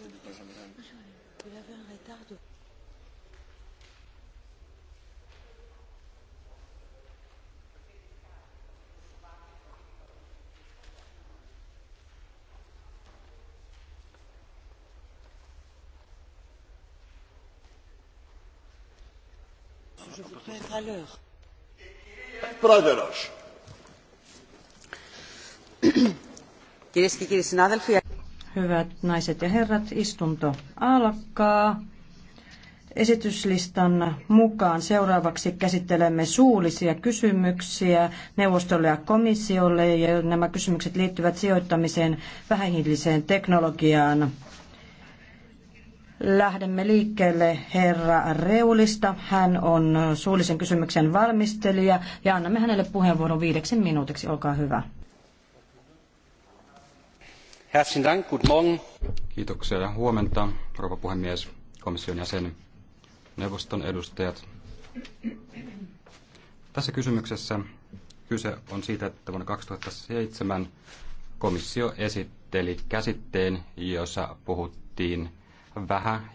Vous avez un retard de και κύριοι συνάδελφοι, Hyvät naiset ja herrat, istunto alkaa. Esityslistan mukaan seuraavaksi käsittelemme suullisia kysymyksiä neuvostolle ja komissiolle, ja nämä kysymykset liittyvät sijoittamiseen vähähiiliseen teknologiaan. Lähdemme liikkeelle herra Reulista. Hän on suullisen kysymyksen valmistelija ja annamme hänelle puheenvuoron viideksi minuutiksi. Olkaa hyvä. Kiitoksia huomenta, rouva puhemies, komission jäsen, neuvoston edustajat. Tässä kysymyksessä kyse on siitä, että vuonna seitsemän komissio esitteli käsitteen, jossa puhuttiin vähän